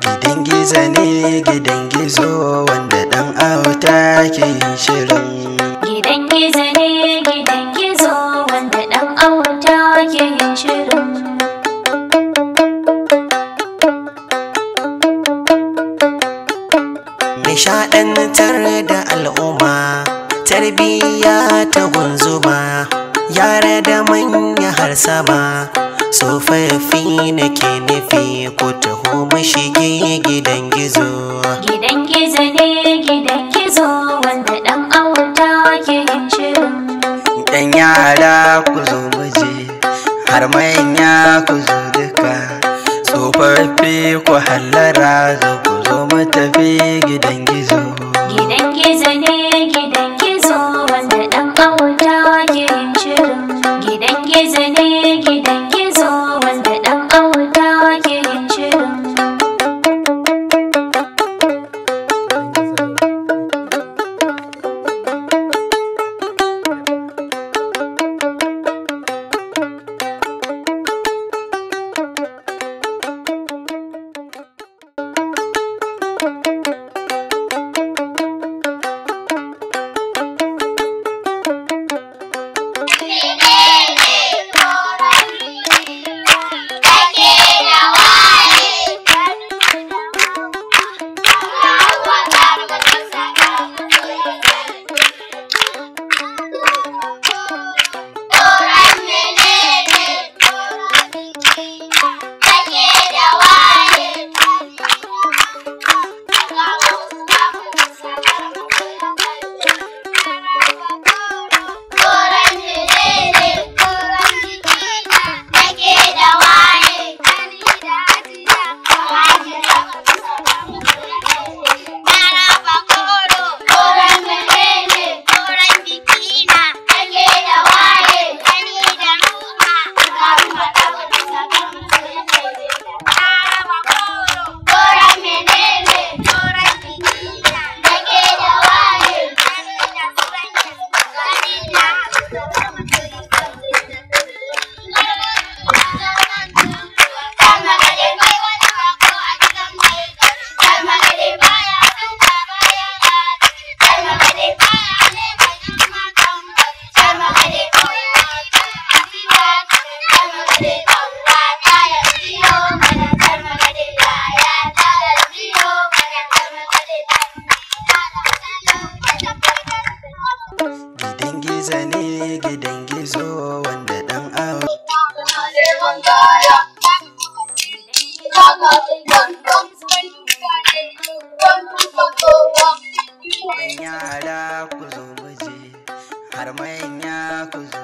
Gidan gizo ne gidan gizo wanda ɗan auta ke yin shirin. Gidan gizo ne gidan gizo wanda ɗan auta ke yin shirin. Nishaɗantar da al'umma, tarbiyya ta gunzuma, yara da manya har sama. tsofaffi nake nufi ko taho mashige gidan da ku zo muje har manya ku zo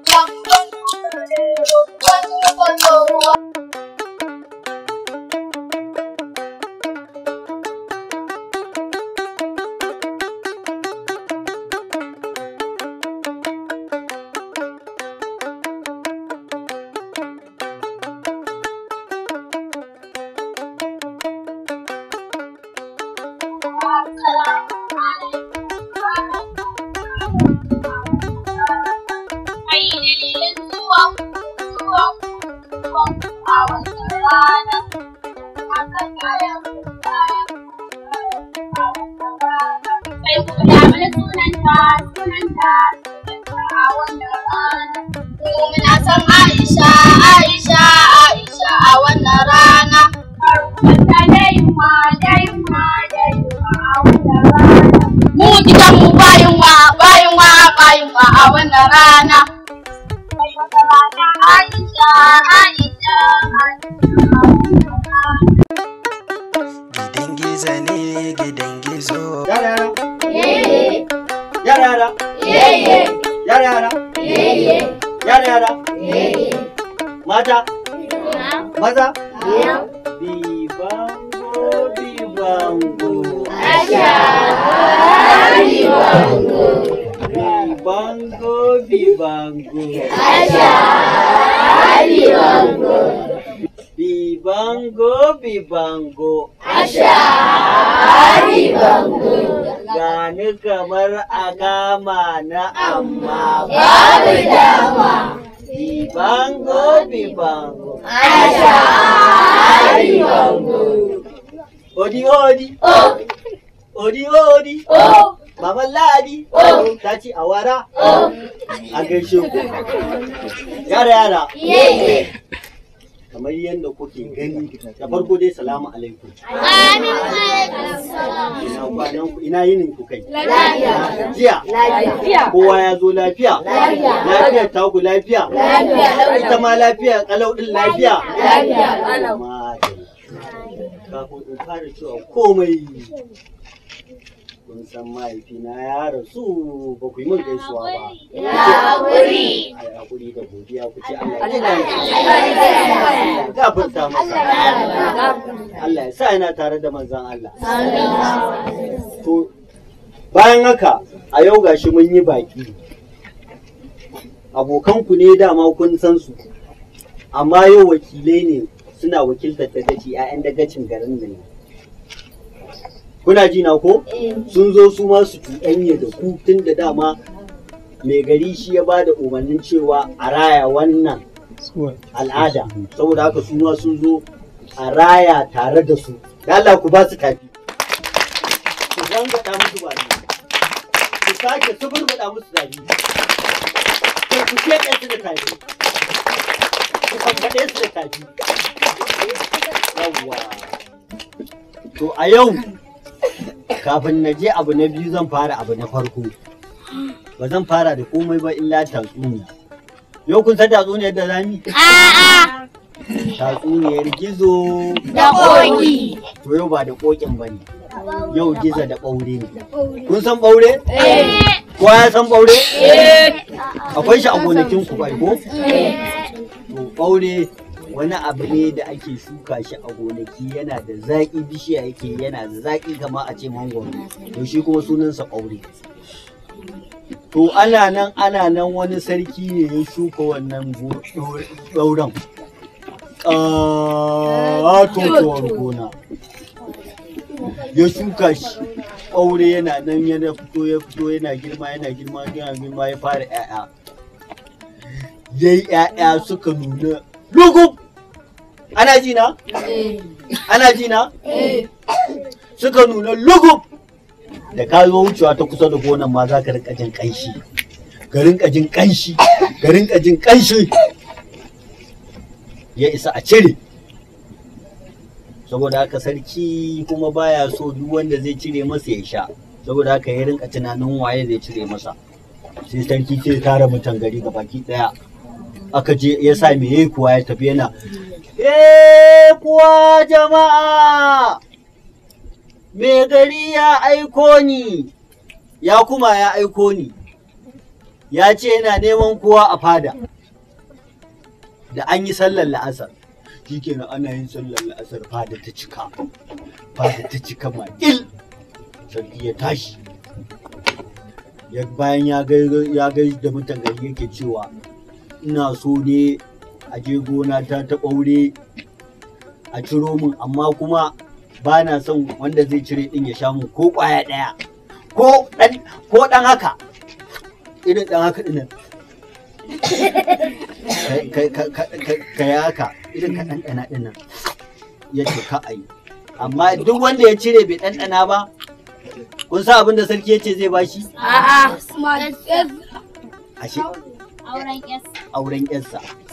rana. Kai wata rana Aisha, Aisha, Aisha. Gidan gizo ne gidan gizo. Yarara. Yeye. Yarara. Yeye. Yarara. Yeye. Yarara. Yeye. Mata. Maza. Bibango, bibango. Asha, bibango. Bango bango, Aja Bibango. Bibango Bibango. Aja Bibango. Gani kamar a gama na amma babu dama. Bibango Bibango. Aja bango. Odi odi. O. Oh. Odi odi. O. Oh. Baban Lahadi oh. oh. ta ce a wara oh. a gaishe ku. Yara yara. Kamar yadda kuke gani da farko dai salamu alaikum. Ina kwanan ina yinin ku kai. Lafiya. Lafiya. Kowa ya zo lafiya. Lafiya. Lafiya ta ku lafiya. Lafiya. Ita ma lafiya kalau din lafiya. Lafiya. Kafin in fara cewa komai kun san mahaifina ya rasu ba ku yi min gaisuwa ba. Ya hakuri. ya hakuri da godiya ku ce Allah ya gafarta masa. Allah ya sa yana tare da manzon Allah. To bayan haka a yau gashi mun yi baki. Abokanku ne dama kun san su, amma yau wakilai ne suna wakiltar dagaci 'ya'yan dagacin garin nan. kuna ji na ko eh. sun zo su ma su cuɗanya da ku tun da dama mai gari shi ya ba da umarnin cewa a raya wannan al'ada saboda haka su ma sun zo a raya tare da su da Allah ku ba su tafi ku gangada musu ba ku sake suburbuɗa musu zabi ku sheƙe su da tafi ku kankaɗe su da tafi yawwa to a yau kafin na je abu na biyu zan fara abu na farko ba zan fara da komai ba illa tatsuniya yau kun san tatsuniyar da zami a'a tatsuniyar gizo da koki to yau ba da kokin ba ne yau gizo da ɓaure ne kun san ɓaure eh. kowa ya san ɓaure eh. akwai shi a gonakin ku ko eh. to ɓaure wani abu ne da ake shuka shi a gonaki yana da zaƙi bishiya yake yana da zaƙi kama a ce mangoro to shi kuma sunansa ƙaure to ana nan ana nan wani sarki ne ya shuka wannan ɗauran ƙatotowar gona ya shuka shi ƙaure yana nan yana fito ya fito yana girma yana girma yana girma ya fara 'ya'ya yayi 'ya'ya suka nuna lugub ana ji na eh. ana ji eh. suka nuna lugub da kayo wucewa ta kusa da gonan ma za ka rinka jin kanshi ka rinka jin kanshi ka rinka jin kanshi ya isa a cire saboda haka sarki kuma baya so duk wanda zai cire masa ya sha saboda haka ya rinka tunanin waye zai cire masa sai sarki ke tara mutan gari ga baki daya aka je ya sa me yayi kuwa ya tafi yana Eh, kuwa jama'a, me gari ya aiko ni, ya kuma ya aiko ni, ya ce yana neman kowa a fada, da an yi sallar la'asar. Shi na ana yin sallar la'asar fada ta cika, fada ta cika il, sarki ya tashi. Bayan ya gai da mutan yake cewa, ina so ne a je gona ta ta ɓaure a ciro min amma kuma ba na son wanda zai cire ɗin ya sha mun ko ƙwaya ɗaya ko ɗan ko ɗan haka irin ɗan haka ɗin ka yi haka irin ka ɗanɗana ɗin nan ya ce ka a yi amma duk wanda ya cire bai ɗanɗana ba kun sa abin da sarki ya ce zai bashi? a'a ashe auren yasa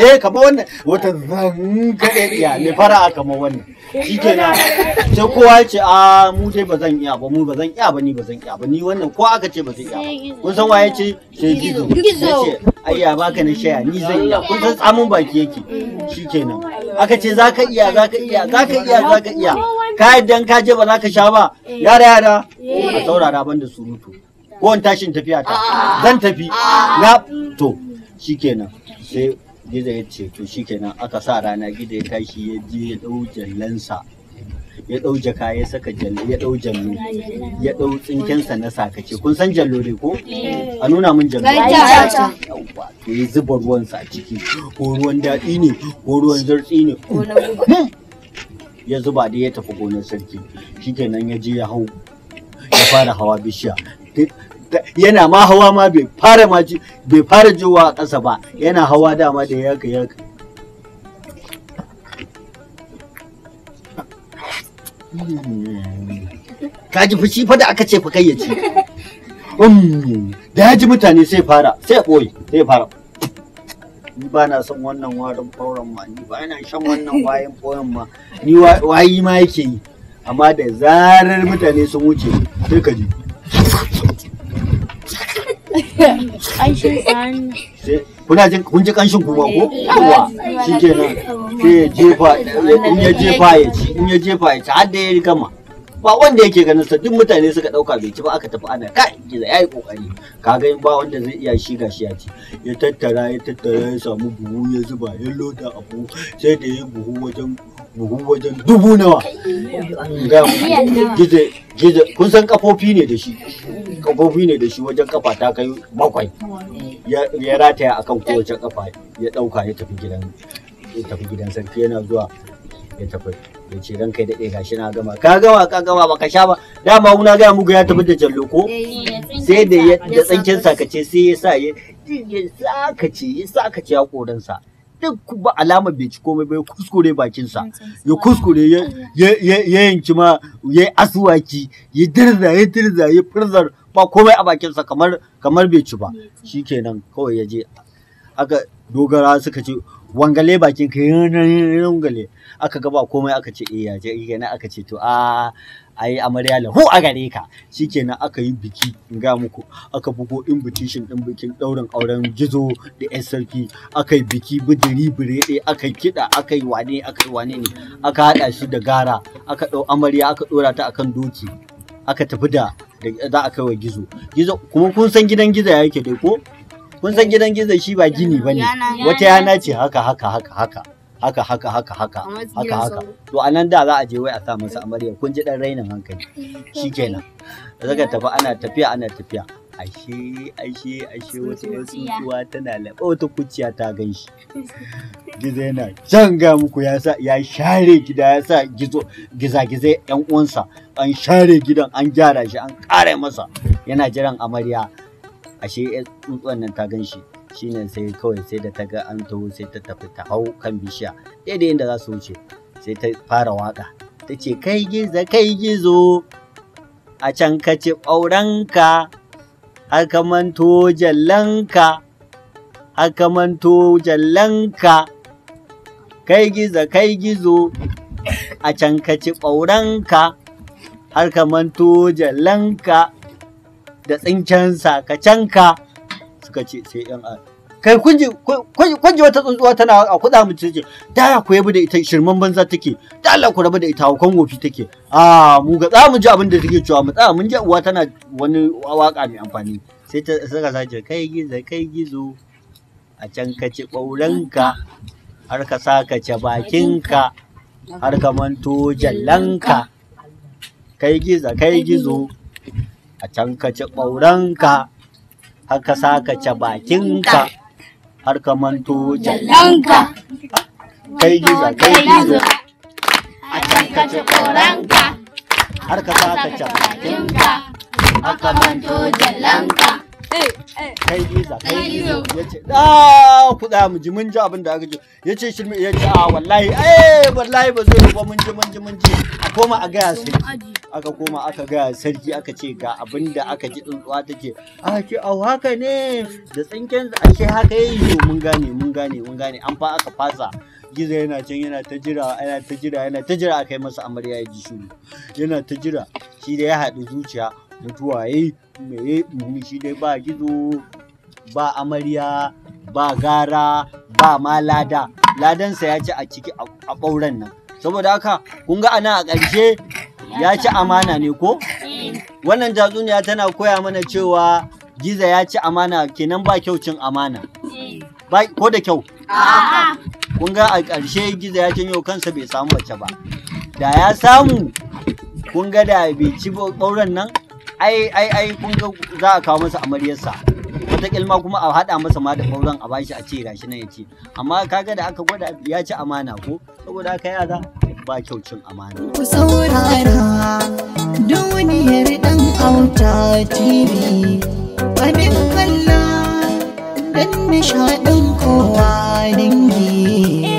eh kamar wannan wata zangaɗiya mai fara kamar wannan shi kenan sai kowa ce a ah, mu dai ba zan iya ba mu ba zan iya ba ni ba zan iya ba ni wannan ko aka ce ba zan iya ba kun san waye ce sai gizo ya ce ayya baka na shaya ni zan iya kun san tsamin baki yake shi kenan aka ce zaka iya zaka iya zaka iya zaka iya ka yadda ka je ba za ka sha ba eh. yara yara eh. a saurara banda surutu ko tashin tafiya ta ah. zan tafi ah. na to shikenan sai gizo ya ce to shikenan aka sa rana gizo ya tashi ya je ya dau jallansa ya dau jaka ya saka jallo ya dau jallo ya tsinken sa na sakace kun san jallo ne ko a nuna min jallo to ya zuba sa a ciki ko ruwan dadi ne ko ruwan zartsi ne hmm. ya zuba da ya tafi gonar sarki shikenan ya je ya hau ya fara hawa bishiya yana ma hawa ma bai fara ma bai fara jowa a ƙasa ba yana hawa dama da yaka yaka ka ji fushi fa da aka ce fa kai ya ci um, da ya ji mutane sai fara sai ɓoye sai fara ni ba na son wannan warin fauran ma ni ba ina shan wannan wayin fauran ma ni wayi ma yake yi amma da zarar mutane sun wuce sai ka ji Kuna jin kun ji kanshin ko? Sai ya jefa in ya jefa ya ci in ya jefa ya ci har da ya gama. Ba wanda yake ganin sa duk mutane suka dauka bai ci ba aka tafi ana kai gida yayi kokari. Kaga ba wanda zai iya shi gashi ya ci. Ya tattara ya tattara ya samu buhu ya zuba ya loda abu sai da ya buhu wajen buhu wajen dubu nawa. Gizo kun san kafofi ne da shi. ƙofofi ne da shi wajen kafa ta kai bakwai ya rataya akan kowace kafa ya ɗauka ya tafi gidan ya tafi gidan sarki yana zuwa ya tafi ya ce ranka ya daɗe gashi na gama ka gama ka gama baka sha ba dama muna gaya muku ya tafi da jallo ko eh, sai da da tsankin sakace sai ya sa ya sakace ya sakace ya koransa duk ba alama bai ci komai bai kuskure bakinsa ya kuskure ya yanki ma ya asuwaki ya dirza ya dirza ya firzar ba komai a bakinsa kamar kamar bai ci ba shikenan kawai ya je aka dogara suka ce wangale bakin ka wangale aka ga ba komai aka ce eh ya je kenan aka ce to a ah, ayi amarya lahu a gare ka shikenan aka yi biki in ga muku aka bugo invitation din bikin daurin auren gizo da yan sarki aka yi biki bidiri birede aka kida aka yi wane aka yi wane ne aka hada shi da gara aka dau amarya aka dora ta akan doki aka tafi da za a kai wa gizo gizo kuma kun san gidan gizo ya yake dai ko kun san gidan gizo shi ba gini ba ne wata yana ce haka haka haka haka haka haka haka haka haka haka to a nan da za a je wai a sa masa amarya kun ji dan rainin hankali shikenan zaka tafi ana tafiya ana tafiya ashe ashe ashe wata yan tsuntsuwa tana laɓa wata kuciya ta gan shi gizo yana can ga muku ya sa ya share gida ya sa gizo yan uwansa an share gidan an gyara shi an ƙara masa yana jiran amarya ashe yan tsuntsuwan nan ta gan shi shine sai kawai sai da ta ga an taho sai ta tafi ta hau kan bishiya daidai inda za su wuce sai ta fara waka ta ce kai gizo kai gizo a can ka ci ɓauranka haka manto jallanka, haka manto jallanka, kai gizo kai gizo a can ka ci ɓauranka, har ka manto jallanka da ka canka suka ce sai 'yan kai kunji kunji wata tsuntsuwa tana a kuɗa mu ce da ku yabu da ita shirman banza take da Allah ku rabu da ita hukan wofi take a mu ga za mu ji abin da take cewa mu tsaya mun ji uwa tana wani waka mai amfani sai ta saka zaje kai gizo kai gizo a can ka ci ɓaurenka har ka saka ce bakinka har ka manto jallanka kai gizo kai gizo a can ka ci ɓaurenka har ka saka ce bakinka har ka manto jallanka kai giza kai giza a can ka ci koranka har ka ka ci cafakinka har ka manto jallanka kai iza kai iza yace a ah, ku da mu ji mun ji abin da aka ji yace shirme yace a ah, wallahi eh wallahi ba zai ba mun ji mun ji mun ji a koma a gaya sarki aka koma aka gaya sarki aka ce ga abin da aka ji tsuntsuwa take a ce a haka ne da tsinken a ce haka yi yo mun gane mun gane mun gane an fa aka fasa gizo yana can yana ta jira yana ta jira yana ta jira aka yi masa amarya ya ji shiru yana ta jira shi da ya haɗu zuciya mutuwa yayi eh, me yayi shi dai ba gizo ba amarya ba gara ba ma lada ladansa ya ci a ciki a ɓauren nan saboda haka kun ga ana a ƙarshe ya ci amana ne ko wannan tatsuniya tana koya mana cewa giza ya ci amana kenan ba kyau cin amana ko da kyau kun ga a ƙarshe giza ya yau, kansa bai samu mace ba da ya samu kun ga da bai ci ɓauren nan ai ai ai kun ga za a kawo masa amaryarsa wata kilma kuma a haɗa masa ma da fauran a bashi a ce gashi nan ya ce amma kaga da aka gwada ya ci amana ko saboda haka za ba kyau cin amana. Ku saurara duniyar ɗan auta TV abin kalla dan nishaɗin kowa dangi.